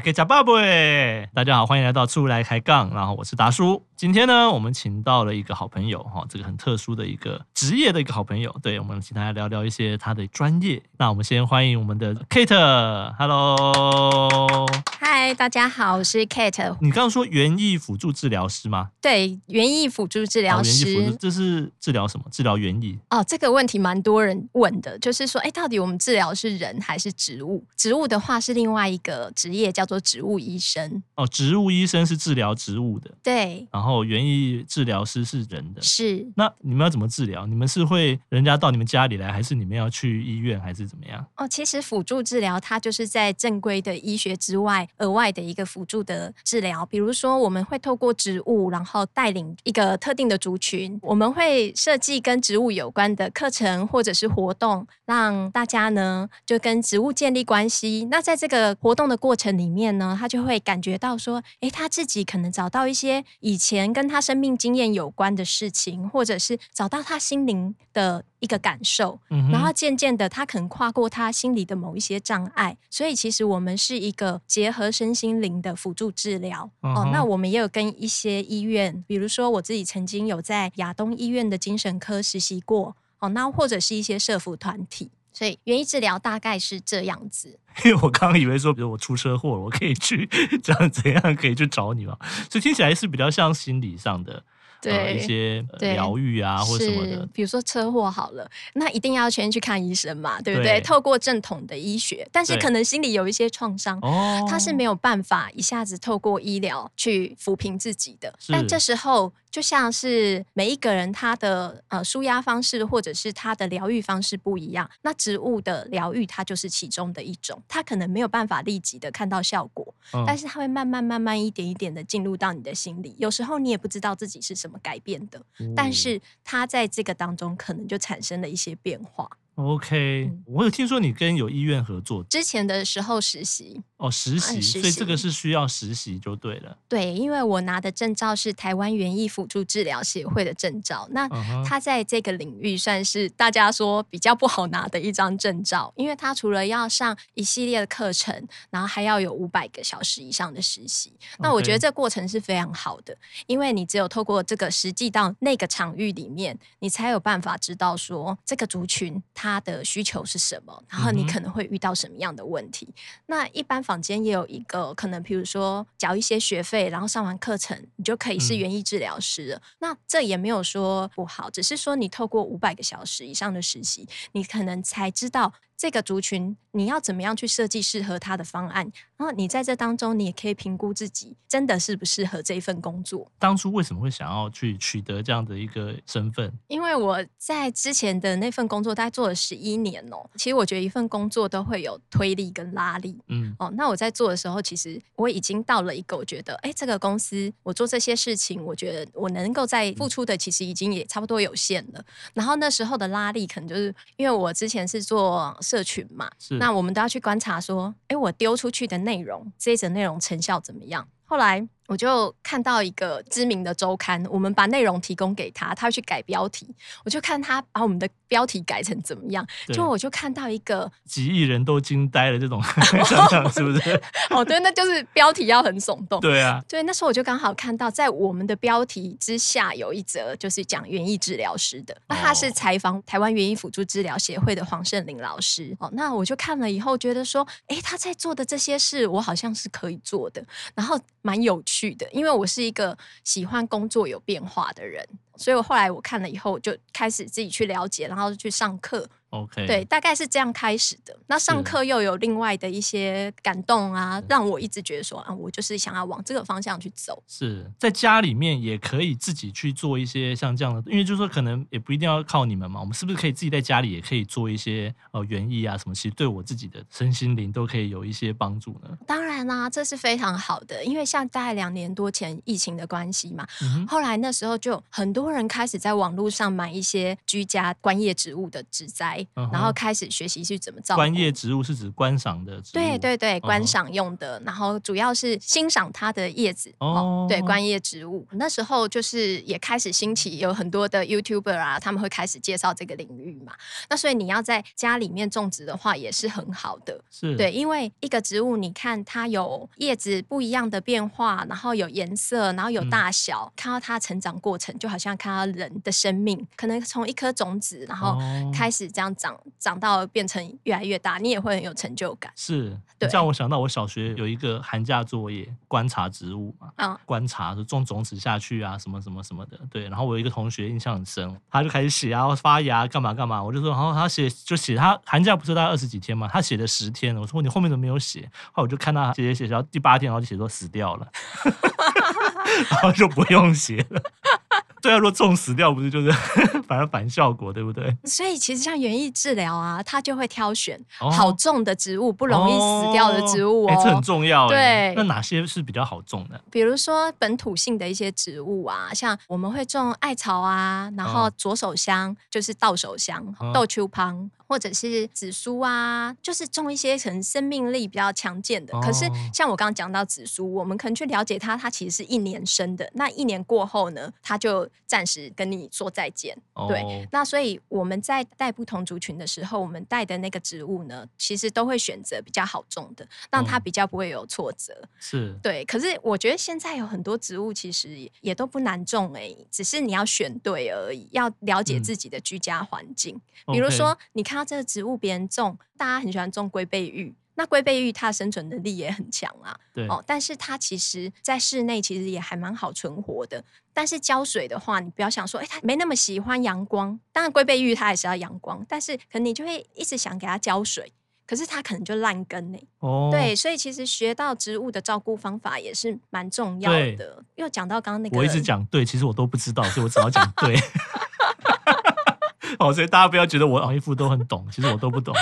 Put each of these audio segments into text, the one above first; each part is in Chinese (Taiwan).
大家好，歡迎來到《厝內開槓》，然後我是達叔。今天呢，我們請到了一個好朋友，哈，這個很特殊的一個職業的一個好朋友。對，我們請他來聊聊一些他的專業。那我們先歡迎我們的 Kate Hello。Hello，嗨，大家好，我是 Kate。你剛剛說園藝輔助治療師嗎？對，園藝輔助治療師，哦，這是治療什麼？治療園藝？哦，這個問題蠻多人問的，就是說，哎，到底我們治療是人還是植物？植物的話是另外一個職業叫。做植物醫生哦，植物醫生是治療植物的，對。然後園藝治療師是人的，是。那你們要怎麼治療？你們是會人家到你們家裡來，還是你們要去醫院，還是怎麼樣？哦，其實輔助治療它就是在正規的醫學之外，額外的一個輔助的治療。比如說，我們會透過植物，然後帶領一個特定的族群，我們會設計跟植物有關的課程或者是活動，讓大家呢就跟植物建立關係。那在這個活動的過程裡。裡面呢，他就會感覺到說，哎、欸，他自己可能找到一些以前跟他生命經驗有關的事情，或者是找到他心靈的一個感受，嗯、然後漸漸的，他可能跨過他心裡的某一些障礙。所以，其實我們是一個結合身心靈的輔助治療。Uh -huh. 哦，那我們也有跟一些醫院，比如說我自己曾經有在亞東醫院的精神科實習過。哦，那或者是一些社福團體。所以，園藝治療大概是這樣子。因為我剛剛以為說，比如說我出車禍了，我可以去這樣怎樣可以去找你嘛？所以聽起來是比較像心理上的。對、呃、一些療癒啊，或者什麼的，比如說車禍好了，那一定要先去看醫生嘛，對不對，對？透過正統的醫學，但是可能心裡有一些創傷，哦，他是沒有辦法一下子透過醫療去撫平自己的、哦。但這時候，就像是每一個人他的呃舒壓方式或者是他的療癒方式不一樣，那植物的療癒它就是其中的一種，它可能沒有辦法立即的看到效果，嗯、但是它會慢慢慢慢一點一點的進入到你的心裡，有時候你也不知道自己是什麼。怎麼改變的？嗯、但是他在這個當中，可能就產生了一些變化。OK，嗯，我有聽說你跟有醫院合作，之前的時候實習哦，實習，所以這個是需要實習就對了。對，因為我拿的證照是台灣園藝輔助治療協會的證照，那他在這個領域算是大家說比較不好拿的一張證照，因為他除了要上一系列的課程，然後還要有五百個小時以上的實習。那我覺得這個過程是非常好的，因為你只有透過這個實際到那個場域裡面，你才有辦法知道說這個族群他。他的需求是什麼？然後你可能會遇到什麼樣的問題？嗯、那一般坊間也有一個可能，比如說繳一些學費，然後上完課程，你就可以是園藝治療師了，嗯。那這也沒有說不好，只是說你透過五百個小時以上的實習，你可能才知道。這個族群，你要怎麼樣去設計適合他的方案？然後你在這當中，你也可以評估自己真的適不適合這一份工作。當初為什麼會想要去取得這樣的一個身份？因為我在之前的那份工作，大概做了十一年哦。其實我覺得一份工作都會有推力跟拉力。嗯。哦，那我在做的時候，其實我已經到了一個我覺得，哎，這個公司我做這些事情，我覺得我能夠再付出的，其實已經也差不多有限了。嗯。然後那時候的拉力，可能就是因為我之前是做。社群嘛，那我們都要去觀察，說，哎、欸，我丟出去的內容，這一則內容成效怎麼樣？後來。我就看到一個知名的周刊，我們把內容提供給他，他去改標題。我就看他把我們的標題改成怎麼樣，就我就看到一個幾億人都驚呆了這種，哦、這是不是？哦，對，那就是標題要很聳動。對啊，對，那時候我就剛好看到，在我們的標題之下有一則就是講園藝治療師的，那、哦、他是採訪台灣園藝輔助治療協會的黃勝林老師。哦，那我就看了以後覺得說，哎，他在做的這些事，我好像是可以做的，然後蠻有趣。去的，因為我是一個喜歡工作有變化的人，所以我後來我看了以後，就開始自己去了解，然後去上課。OK，對，大概是這樣開始的。那上課又有另外的一些感動啊，讓我一直覺得說啊，我就是想要往這個方向去走。是在家裡面也可以自己去做一些像這樣的，因為就是說可能也不一定要靠你們嘛，我們是不是可以自己在家裡也可以做一些呃園藝啊什麼，其實對我自己的身心靈都可以有一些幫助呢？當然啦、啊，這是非常好的，因為像大概兩年多前疫情的關係嘛，嗯、後來那時候就很多人開始在網絡上買一些居家觀葉植物的植栽。然後開始學習去怎麼照顧觀葉植物。是指觀賞的植物？對對對，觀賞用的。然後主要是欣賞它的葉子哦。對，觀葉植物那時候就是也開始興起，有很多的 Youtuber 啊，他們會開始介紹這個領域嘛。那所以你要在家裡面種植的話，也是很好的。是對，因為一個植物，你看它有葉子不一樣的變化，然後有顏色，然後有大小，嗯、看到它成長過程，就好像看到人的生命，可能從一顆種子，然後開始這樣。長長到變成越來越大，你也會很有成就感。是，這樣我想到我小學有一個寒假作業，觀察植物嘛，啊、哦，觀察說種種子下去啊，什麼什麼什麼的。對，然後我有一個同學印象很深，他就開始寫啊，發芽幹嘛幹嘛，我就說，然後他寫就寫他寒假不是大概二十幾天嘛，他寫了十天了，我說你後面怎麼沒有寫？然後我就看到他寫寫寫，然後第八天然後就寫說死掉了，然 後 就不用寫了。對啊，如果種死掉，不是就是呵呵反而反效果，對不對？所以其實像園藝治療啊，它就會挑選好種的植物，不容易死掉的植物哦。哎、哦欸，這很重要。對，那哪些是比較好種的？比如說本土性的一些植物啊，像我們會種艾草啊，然後左手香、哦、就是到手香、哦、豆秋旁。或者是紫蘇啊，就是種一些可能生命力比較強健的。Oh. 可是像我剛剛講到紫蘇，我們可能去了解它，它其實是一年生的。那一年過後呢，它就暫時跟你說再見。Oh. 對，那所以我們在帶不同族群的時候，我們帶的那個植物呢，其實都會選擇比較好種的，讓它比較不會有挫折。是。Oh. 對。可是我覺得現在有很多植物其實也都不難種哎、欸，只是你要選對而已，要了解自己的居家環境。嗯 okay. 比如說，你看。那這個植物別人種，大家很喜歡種龜背芋。那龜背芋它的生存能力也很強啊。對。哦，但是它其實在室內其實也還蠻好存活的。但是澆水的話，你不要想說，哎，它沒那麼喜歡陽光。當然，龜背芋它也是要陽光，但是可能你就會一直想給它澆水，可是它可能就爛根呢、欸。哦，對，所以其實學到植物的照顧方法也是蠻重要的。因為我講到剛剛那個，我一直講對，其實我都不知道，所以我只好講對。 哦，所以大家不要覺得我老、哦、衣服都很懂，其實我都不懂。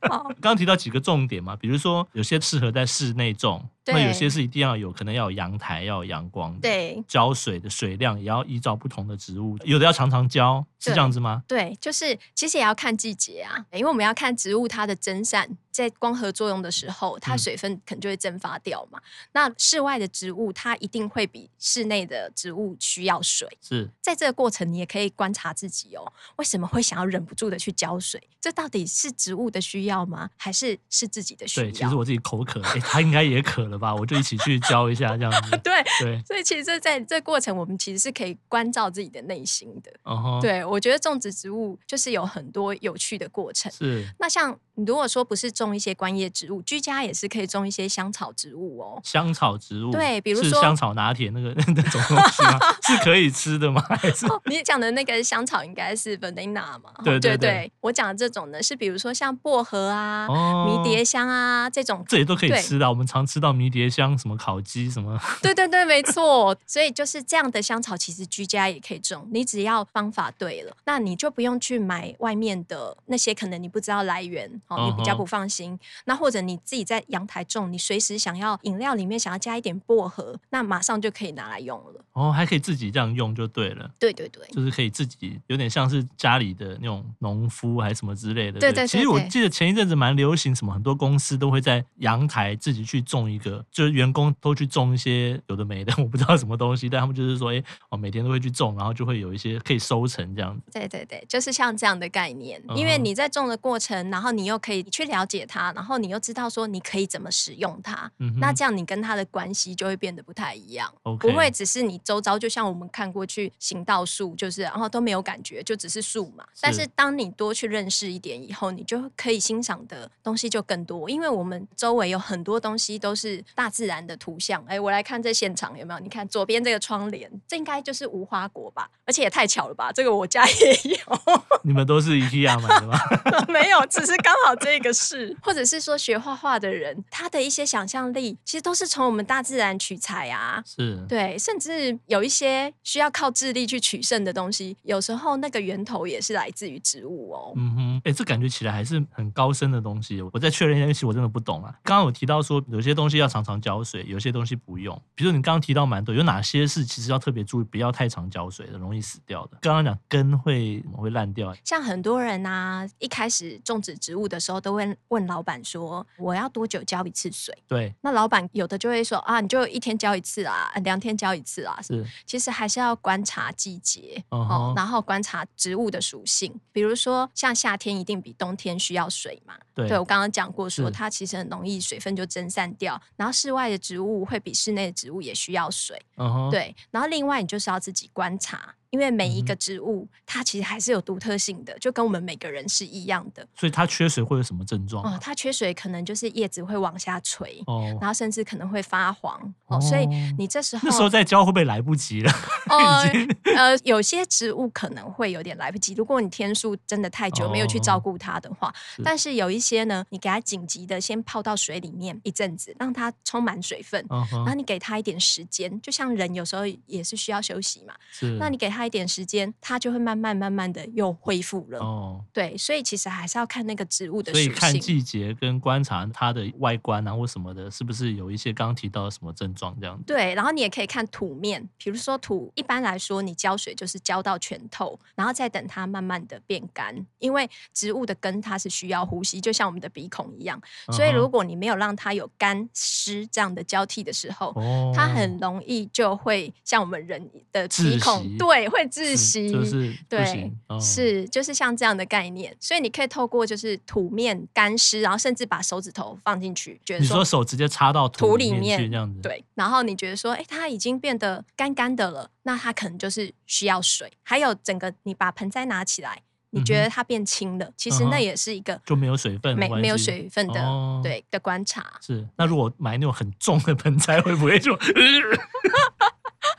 剛 剛提到幾個重點嘛，比如說有些適合在室內種。那有些是一定要有，可能要有陽台，要有陽光的，對，澆水的水量也要依照不同的植物，有的要常常澆，是這樣子嗎？對，就是其實也要看季節啊、欸，因為我們要看植物它的蒸散，在光合作用的時候，它水分可能就會蒸發掉嘛。嗯、那室外的植物它一定會比室內的植物需要水。是在這個過程，你也可以觀察自己哦、喔，為什麼會想要忍不住的去澆水？這到底是植物的需要嗎？還是是自己的需要？對，其實我自己口渴，它、欸、應該也渴了吧。 吧， 我就一起去教一下這樣子。 對對，所以其實在這過程，我們其實是可以關照自己的內心的。哦、uh -huh.，對我覺得種植植物就是有很多有趣的過程。是，那像如果說不是種一些觀葉植物，居家也是可以種一些香草植物哦、喔。香草植物，對，比如說是香草拿鐵那個那種東西嗎？ 是可以吃的嗎？還是 你講的那個香草應該是 banana 嘛？對對對，對對對我講的這種呢，是比如說像薄荷啊、oh, 迷迭香啊這種，這些都可以吃的。我們常吃到迷。迷迭香，什麼烤雞什麼？對對對，沒錯。 所以就是這樣的香草，其實居家也可以種。你只要方法對了，那你就不用去買外面的那些，可能你不知道來源，哦，你比較不放心、哦。那或者你自己在陽台種，你隨時想要飲料裡面想要加一點薄荷，那馬上就可以拿來用了。哦，還可以自己這樣用就對了。對對對，就是可以自己，有點像是家裡的那種農夫還是什麼之類的。對對，對，對對。其實我記得前一陣子蠻流行什麼，很多公司都會在陽台自己去種一個。就是員工都去種一些有的沒的，我不知道什麼東西，但他們就是說，哎、欸，我每天都會去種，然後就會有一些可以收成這樣子。對對對，就是像這樣的概念、嗯，因為你在種的過程，然後你又可以去了解它，然後你又知道說你可以怎麼使用它，嗯、那這樣你跟它的關係就會變得不太一樣，Okay、不會只是你周遭，就像我們看過去行道樹，就是然後都沒有感覺，就只是樹嘛是。但是當你多去認識一點以後，你就可以欣賞的東西就更多，因為我們周圍有很多東西都是。大自然的圖像，哎，我來看這現場有沒有？你看左邊這個窗簾，這應該就是無花果吧？而且也太巧了吧！這個我家也有，你們都是一樣的嗎？ 沒有，只是剛好這個是， 或者是說學畫畫的人，他的一些想象力，其實都是從我們大自然取材啊。是，對，甚至有一些需要靠智力去取勝的東西，有時候那個源頭也是來自於植物哦。嗯哼，哎，這感覺起來還是很高深的東西。我再確認一下，因為其實我真的不懂啊。剛剛有提到說有些東西要。常常澆水，有些東西不用。比如說你剛剛提到蠻多，有哪些是其實要特別注意，不要太常澆水的，容易死掉的？剛剛講根會會爛掉，像很多人吶、啊，一開始種植植物的時候，都會問老板說：“我要多久澆一次水？”對。那老板有的就會說：“啊，你就一天澆一次啊，兩天澆一次啊。”是。其實還是要觀察季節、uh-huh、然後觀察植物的屬性。比如說，像夏天一定比冬天需要水嘛？對。對我剛剛講過說，說它其實很容易水分就蒸散掉。然後室外的植物會比室內的植物也需要水，uh-huh. 對。然後另外你就是要自己觀察。因為每一個植物，它其實還是有獨特性的，就跟我們每個人是一樣的。所以它缺水會有什麼症狀？啊？啊、呃，它缺水可能就是葉子會往下垂，oh. 然後甚至可能會發黃。哦、oh. 呃，所以你這時候那時候再澆會不會來不及了？哦、oh. 呃，有些植物可能會有點來不及。如果你天數真的太久、oh. 沒有去照顧它的話，但是有一些呢，你給它緊急的先泡到水裡面一陣子，讓它充滿水分，uh-huh. 然後你給它一點時間，就像人有時候也是需要休息嘛。是，那你給它。花一點時間，它就會慢慢慢慢的又恢復了。哦、oh.，對，所以其實還是要看那個植物的水性，所以看季節跟觀察它的外觀啊，或什麼的，是不是有一些剛剛提到的什麼症狀這樣子。對，然後你也可以看土面，比如說土，一般來說你澆水就是澆到全透，然後再等它慢慢的變乾，因為植物的根它是需要呼吸，就像我們的鼻孔一樣。所以如果你沒有讓它有乾濕這樣的交替的時候，oh. 它很容易就會像我們人的鼻孔對。會窒息是、就是，對，哦、是就是像這樣的概念，所以你可以透過就是土面乾濕，然後甚至把手指頭放進去，覺得說你說手直接插到土裡面，土裡面對，然後你覺得說，哎、欸，它已經變得干干的了，那它可能就是需要水。還有整個你把盆栽拿起來，你覺得它變輕了，嗯、其實那也是一個就沒有水分、沒沒有水分的、哦、對的觀察。是，那如果買那種很重的盆栽， 會不會就，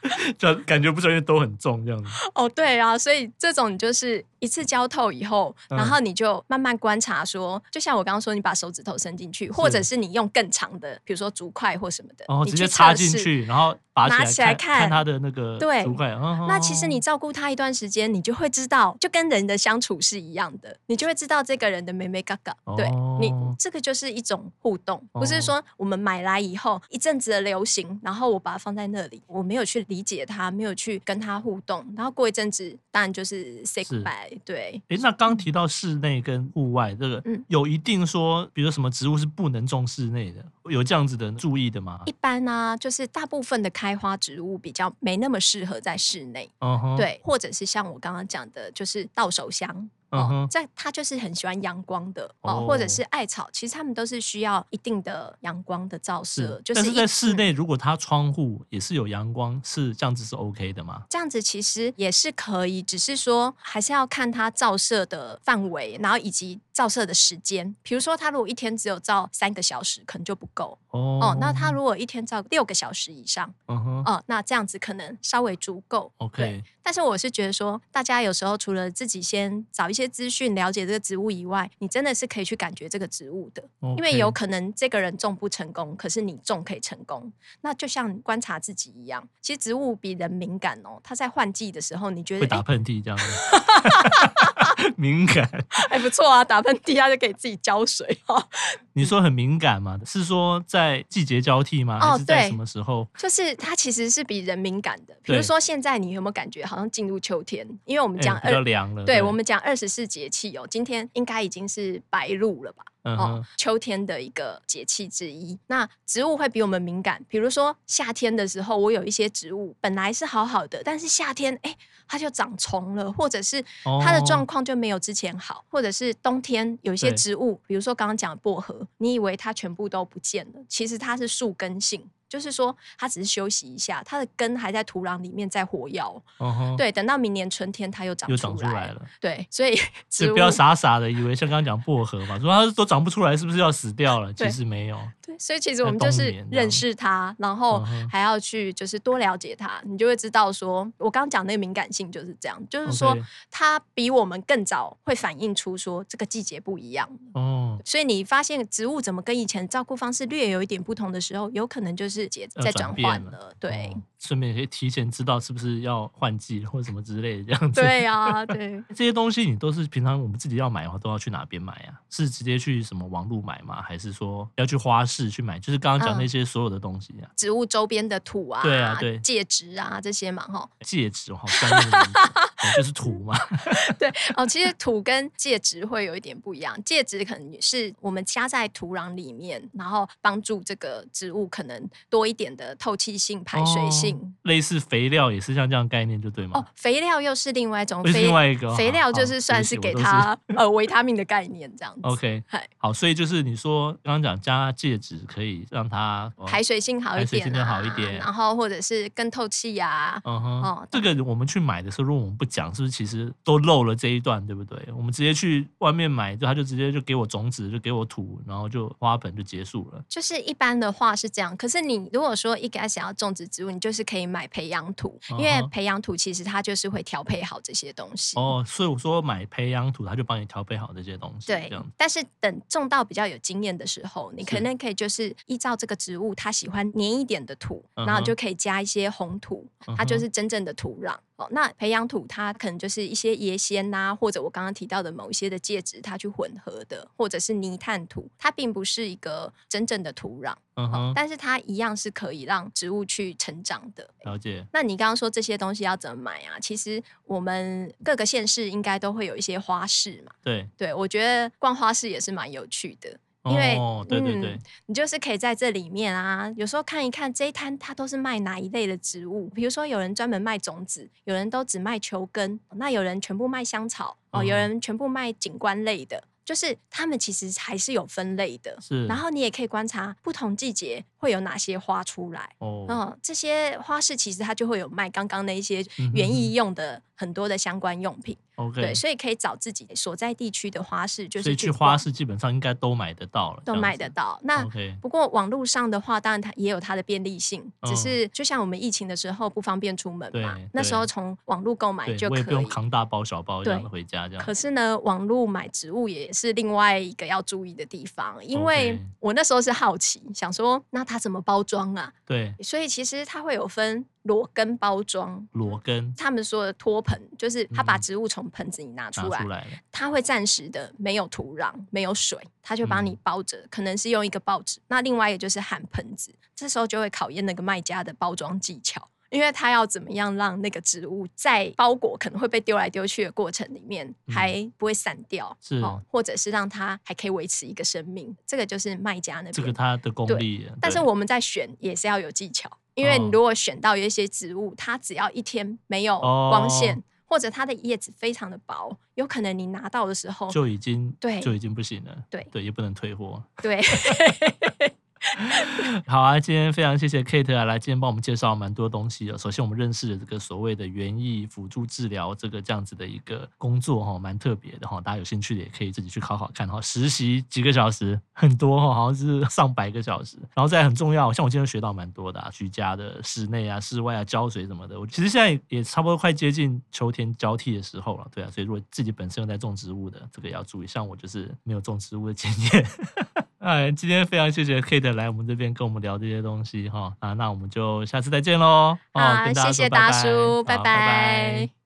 就感覺不是因為都很重這樣子。哦，對啊，所以這種就是。一次澆透以後，然後你就慢慢觀察說，說、嗯、就像我剛剛說，你把手指頭伸進去，或者是你用更長的，比如說竹筷或什麼的，哦、你直接插進去，然後起拿起來看它的那個竹筷對、哦。那其實你照顧它一段時間，你就會知道，就跟人的相處是一樣的，你就會知道這個人的眉眉角角。哦、對你、哦、你，這個就是一種互動，不是說我們買來以後一陣子的流行，然後我把它放在那裡，我沒有去理解它，沒有去跟它互動，然後過一陣子，當然就是 say goodbye。對誒，那剛提到室內跟戶外，嗯、這個有一定說，比如什麼植物是不能種室內的，有這樣子的人注意的嗎？一般啊，就是大部分的開花植物比較沒那麼適合在室內，嗯、對，或者是像我剛剛講的，就是到手香。嗯哦，在、嗯、他就是很喜歡陽光的哦，哦，或者是艾草，其實他們都是需要一定的陽光的照射。是就是、是在室內，如果它窗戶也是有陽光，是這樣子是 OK 的嗎？這樣子其實也是可以，只是說還是要看它照射的範圍，然後以及照射的時間。比如說，他如果一天只有照三個小時，可能就不夠。Oh. 哦，那他如果一天照六個小時以上，Uh-huh. 哦，那這樣子可能稍微足夠。OK，但是我是覺得說，大家有時候除了自己先找一些資訊了解這個植物以外，你真的是可以去感覺這個植物的，okay. 因為有可能這個人種不成功，可是你種可以成功。那就像觀察自己一樣，其實植物比人敏感哦。他在換季的時候，你覺得會打噴嚏這樣子？敏、欸、 感，還不錯啊，打噴嚏他就給自己澆水哦。 你說很敏感嗎？是說在。在季節交替嗎？哦，對，還是在什麼時候？就是它其實是比人敏感的。比如說，現在你有沒有感覺好像進入秋天？因為我們講二，欸，比較涼了，對。對，我們講二十四節氣哦，今天應該已經是白露了吧？哦，秋天的一個節氣之一，那植物會比我們敏感。比如說夏天的時候，我有一些植物本來是好好的，但是夏天哎，它就長蟲了，或者是它的狀況就沒有之前好。或者是冬天有一些植物，比如說剛剛講的薄荷，你以為它全部都不見了，其實它是宿根性。就是說，它只是休息一下，它的根還在土壤裡面在活躍。哦，對，等到明年春天，它又長出來又長出來了，對，所以就不要傻傻的以為 像剛剛講薄荷嘛，說它都長不出來，是不是要死掉了？ 其實沒有。所以其實我們就是認識它，然後還要去就是多了解它，嗯、你就會知道說，我剛剛講的那個敏感性就是這樣，就是說、Okay。它比我們更早會反映出說這個季節不一樣、嗯、所以你發現植物怎麼跟以前照顧方式略有一點不同的時候，有可能就是節在轉換了，了對。嗯順便可以提前知道是不是要換季或者什麼之類的這樣子。對啊，對。這些東西你都是平常我們自己要買的話，都要去哪邊買呀、啊？是直接去什麼網路買嗎？還是說要去花市去買？就是剛剛講那些所有的東西啊，嗯、植物周邊的土啊，對啊，對，介質啊這些嘛，哈。介質，好專業。 哦、就是土嘛， 對哦，其實土跟介質會有一點不一樣，介質可能也是我們加在土壤裡面，然後幫助這個植物可能多一點的透氣性、排水性，哦、類似肥料也是像這樣概念，就對嗎？哦，肥料又是另外一種，就是另外一個肥、哦、肥料，就是算是，是，是給它呃、哦、維他命的概念這樣子。OK，好，所以就是你說剛剛講加介質可以讓它排水性好一點，排水性好一點、啊好一點啊，然後或者是更透氣呀、啊。嗯哼，哦，這個我們去買的時候，如果我們不。講是不是其實都漏了這一段對不對？我們直接去外面買，就他就直接就給我種子，就給我土，然後就花盆就結束了。就是一般的話是這樣，可是你如果說一開始想要種植植物，你就是可以買培養土，因為培養土其實它就是會調配好這些東西。哦，所以我說買培養土，它就幫你調配好這些東西。對，這樣。但是等種到比較有經驗的時候，你可能可以就是依照這個植物它喜歡黏一點的土，然後就可以加一些紅土，嗯、它就是真正的土壤。哦、那培養土它可能就是一些椰纖吶、啊，或者我剛剛提到的某一些的介質，它去混合的，或者是泥炭土，它並不是一個真正的土壤，嗯、uh、哼 -huh. 哦，但是它一樣是可以讓植物去成長的。了解。那你剛剛說這些東西要怎麼買啊？其實我們各個縣市應該都會有一些花市嘛。對。對，我覺得逛花市也是蠻有趣的。因為、哦對對對，嗯，你就是可以在這裡面啊，有時候看一看這一攤它都是賣哪一類的植物，比如說有人專門賣種子，有人都只賣球根，那有人全部賣香草哦，哦，有人全部賣景觀類的，就是他們其實還是有分類的。是，然後你也可以觀察不同季節，會有哪些花出來？Oh. 嗯，這些花市其實它就會有賣剛剛那一些園藝用的很多的相關用品。Okay. 對，所以可以找自己所在地區的花市，就是去，所以去花市基本上應該都買得到了，都買得到。那，Okay. 不過網絡上的話，當然它也有它的便利性，只是就像我們疫情的時候不方便出門嘛，oh. 那時候從網絡購買就可以，也不用扛大包小包一樣的回家這樣。可是呢，網絡買植物也是另外一個要注意的地方，因為我那時候是好奇，想說那。它怎麼包裝啊？對，所以其實它會有分裸根包裝，裸根，嗯、他們說的脫盆，就是他把植物從盆子裡拿出來，嗯拿出來，它會暫時的沒有土壤，沒有水，他就幫你包着，嗯，可能是用一個報紙，那另外一個就是含盆子，這時候就會考驗那個賣家的包裝技巧。因為它要怎麼樣讓那個植物在包裹可能會被丟來丟去的過程裡面，還不會散掉，嗯、是、哦，或者是讓它還可以維持一個生命，這個就是賣家那邊，這個它的功力。但是我們在選也是要有技巧，因為你如果選到有一些植物、哦，它只要一天沒有光線，哦，或者它的葉子非常的薄，有可能你拿到的時候就已經，對，就已經不行了，對對，也不能退貨，對。 好啊，今天非常謝謝 Kate 啊，來今天幫我們介紹蠻多東西的、哦。首先，我們認識了這個所謂的園藝輔助治療這個這樣子的一個工作哈、哦，蠻特別的哈、哦。大家有興趣的也可以自己去考考看哈、哦。實習幾個小時很多哈、哦，好像是上百個小時。然後再很重要，像我今天學到蠻多的、啊，居家的室內啊、室外啊、澆水什麼的。我其實現在也差不多快接近秋天交替的時候了，對啊。所以如果自己本身又在種植物的，這個要注意。像我就是沒有種植物的經驗。 哎，今天非常謝謝 Kate 來我們這邊跟我們聊這些東西哈，啊、哦，那我們就下次再見嘍。好、哦，啊、跟大家謝謝大叔，拜拜。拜拜啊，拜拜。